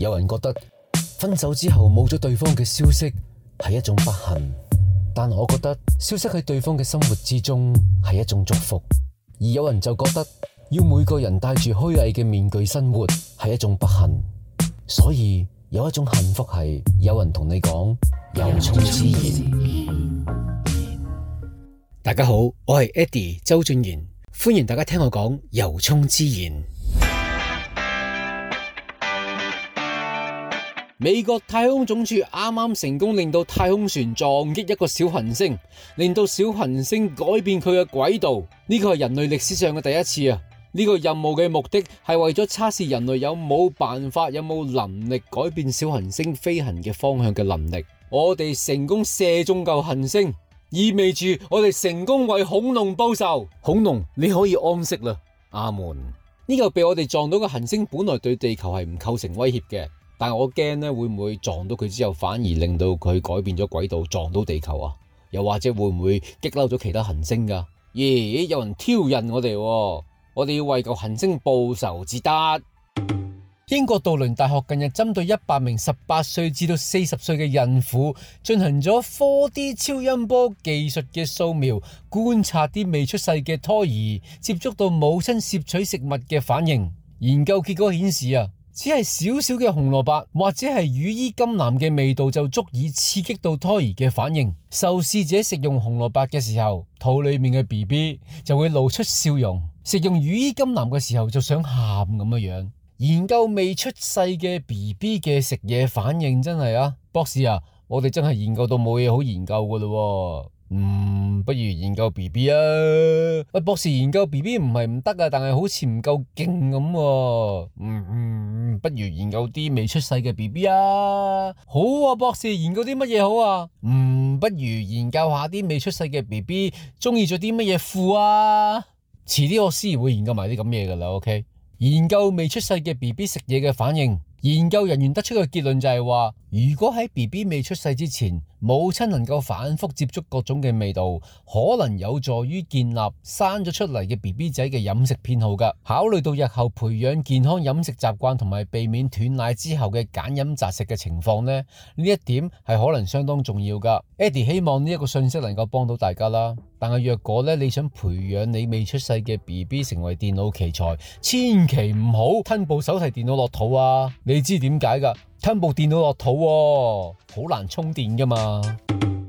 有人覺得分手之後冇咗對方嘅消息係一種不幸，但我覺得消失喺對方嘅生活之中係一種祝福。而有人就覺得要每個人戴住虛偽嘅面具生活係一種不幸。所以有一種幸福係有人同你講由衷之言。大家好，我係 Eddie 周俊賢，歡迎大家聽我講由衷之言。美國太空總署啱啱成功令到太空船撞擊一個小行星，令到小行星改變佢嘅軌道。呢個係人類歷史上嘅第一次啊！呢、這個任務嘅目的係為咗測試人類有冇辦法、有冇能力改變小行星飛行嘅方向嘅能力。我哋成功射中嚿行星，意味住我哋成功為恐龍報仇。恐龍，你可以安息啦，阿門。呢個被我哋撞到嘅行星本來對地球係唔構成威脅嘅。但我驚咧，會唔會撞到佢之後，反而令到佢改變咗軌道，撞到地球啊？又或者會唔會激嬲咗其他行星噶、啊？咦，有人挑釁我哋、啊，我哋要為個行星報仇至得。英國杜倫大學近日針對一百名十八歲至到四十歲嘅孕婦進行咗 4D 超音波技術嘅掃描，觀察啲未出世嘅胎兒接觸到母親攝取食物嘅反應。研究結果顯示啊。只係小小嘅紅蘿蔔或者係羽衣甘藍嘅味道就足以刺激到胎兒嘅反應。受試者食用紅蘿蔔嘅時候，肚裏面嘅 B B 就會露出笑容；食用羽衣甘藍嘅時候，就想喊咁樣。研究未出世嘅 B B 嘅食嘢反應真係啊，博士啊，我哋真係研究到冇嘢好研究噶啦哦。嗯，不如研究 B B 啊！喂，博士研究 B B 唔係唔得啊，但係好似唔夠勁咁喎。嗯，不如研究啲未出世嘅 B B 啊。好啊，博士研究啲乜嘢好啊？嗯，不如研究下啲未出世嘅 B B 中意着啲乜嘢褲啊。遲啲我先會研究埋啲咁嘢噶啦。OK，研究未出世嘅 B B 食嘢嘅反應。研究人員得出嘅結論就係話，如果喺 BB 未出世之前，母親能夠反覆接觸各種嘅味道，可能有助於建立生咗出嚟嘅 BB 仔嘅飲食偏好噶。考慮到日後培養健康飲食習慣同埋避免斷奶之後嘅揀飲擇食嘅情況呢，呢一點係可能相當重要噶。Eddie 希望呢一個信息能夠幫到大家啦。但係若果咧，你想培養你未出世嘅 B B 成為電腦奇才，千祈唔好吞部手提電腦落肚啊！你知點解噶？吞部電腦落肚啊，好難充電噶嘛。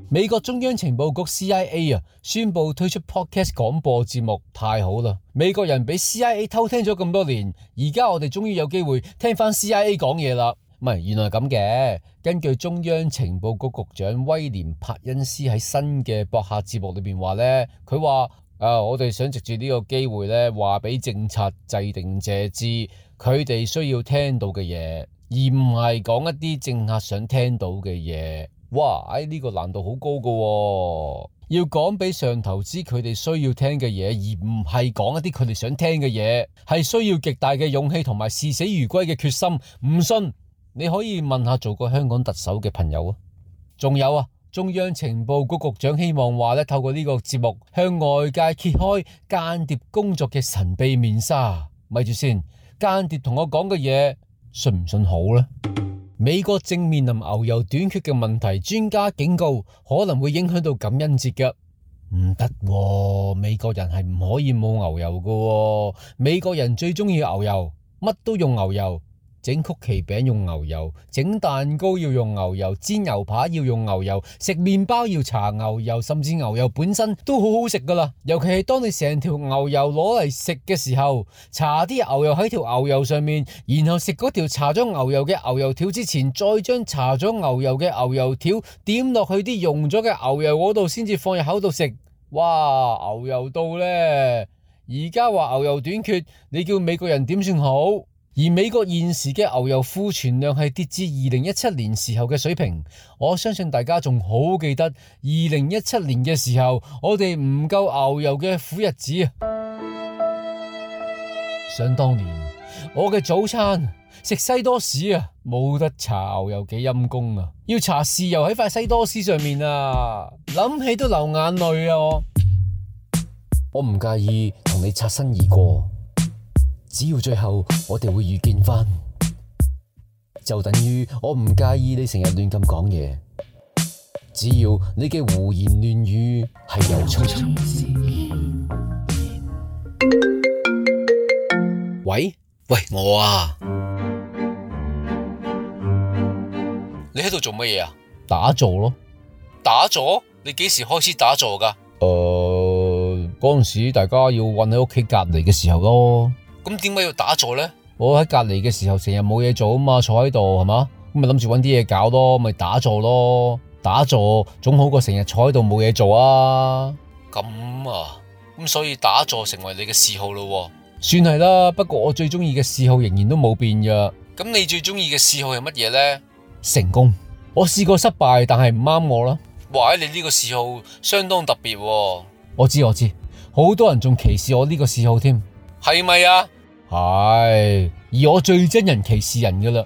美國中央情報局 C I A 啊，宣布推出 podcast 廣播節目，太好啦！美國人俾 C I A 偷聽咗咁多年，而家我哋終於有機會聽翻 C I A 講嘢啦。唔係，原來係咁嘅。根據中央情報局局長威廉帕恩斯喺新嘅博客節目裏邊話咧，佢話：誒、呃，我哋想藉住呢個機會咧，話俾政策制定者知，佢哋需要聽到嘅嘢，而唔係講一啲政客想聽到嘅嘢。哇！誒，呢個難度好高噶喎，要講俾上頭知，佢哋需要聽嘅嘢，而唔係講一啲佢哋想聽嘅嘢，係需要極大嘅勇氣同埋視死如歸嘅決心。唔信？你可以問下做過香港特首嘅朋友啊，仲有啊，中央情報局局長希望話呢，透過呢個節目向外界揭開間諜工作嘅神秘面紗。咪住先，間諜同我講嘅嘢信唔信好呢？美國正面臨牛油短缺嘅問題，專家警告可能會影響到感恩節嘅。唔得喎，美國人係唔可以冇牛油㗎喎，美國人最鍾意牛油，乜都用牛油。整曲奇餅用牛油，整蛋糕要用牛油，煎牛扒要用牛油，食麵包要搽牛油，甚至牛油本身都好好食噶啦。尤其係當你成條牛油攞嚟食嘅時候，搽啲牛油喺條牛油上面，然後食嗰條搽咗牛油嘅牛油條之前，再將搽咗牛油嘅牛油條點落去啲溶咗嘅牛油嗰度，先至放入口度食。哇，牛油到咧，而家話牛油短缺，你叫美國人點算好？而美國現時嘅牛油庫存量係跌至二零一七年時候嘅水平，我相信大家仲好記得二零一七年嘅時候，我哋唔夠牛油嘅苦日子。想當年，我嘅早餐食西多士啊，冇得搽牛油幾陰功啊，要搽豉油喺塊西多士上面啊，諗起都流眼淚啊我！我唔介意同你擦身而過。只要最後我哋會遇見翻，就等於我唔介意你成日亂咁講嘢。只要你嘅胡言亂語係有出處。喂喂，我啊，你喺度做乜嘢啊？打坐咯，打坐。你幾時開始打坐㗎？誒、呃，嗰陣時大家要困喺屋企隔離嘅時候咯。咁點解要打坐呢？我喺隔籬嘅時候成日冇嘢做啊嘛，坐喺度係嘛，咁咪諗住揾啲嘢搞咯，咪打坐咯，打坐總好過成日坐喺度冇嘢做啊。咁啊，咁所以打坐成為你嘅嗜好咯喎？算係啦，不過我最中意嘅嗜好仍然都冇變嘅。咁你最中意嘅嗜好係乜嘢呢？成功，我試過失敗，但係唔啱我啦。哇，你呢個嗜好相當特別喎。我知我知，好多人仲歧視我呢個嗜好添。係咪啊？係、哎，而我最憎人歧視人㗎啦。